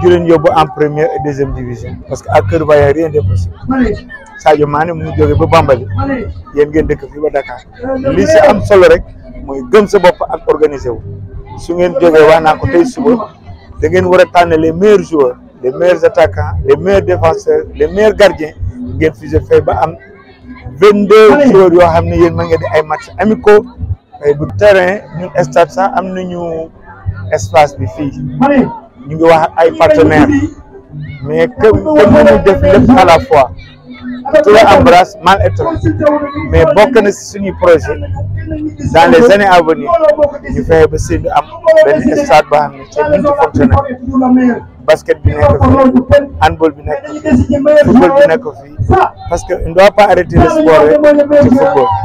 di leen yóbbu en première et deuxième division parce que ak Kër Baye rien de possible Sadio Mané mu jóge ba Bambali yeen ngeen dëkk fi ba Dakar euh, li ci am solo rek moy gëm sa bop ak organiser wu su ngeen jógee wa na ko tay suba da ngeen wara a les meilleurs joueurs les meilleurs attaquants les meilleurs défenseurs les meilleurs gardiens ngeen fi fise fay ba am 22 joueurs yo xamni yeen ma ngeen di ay match amico ay bu terrain ñun stade ça am nañu espace bi fi ñu ngi wax ay partenaires mais que que mënuñ def lépp à la fois Touré embrasse Maletron mais bokk na si suñuy projet dans les années à venir ñu fexe ba Sédhiou am benn stade boo xam ne c'est multifonctionnel basket bi nekk fi handball bi nekk fi parce que on pas arrêter le sport rek football.